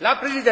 La Presidente.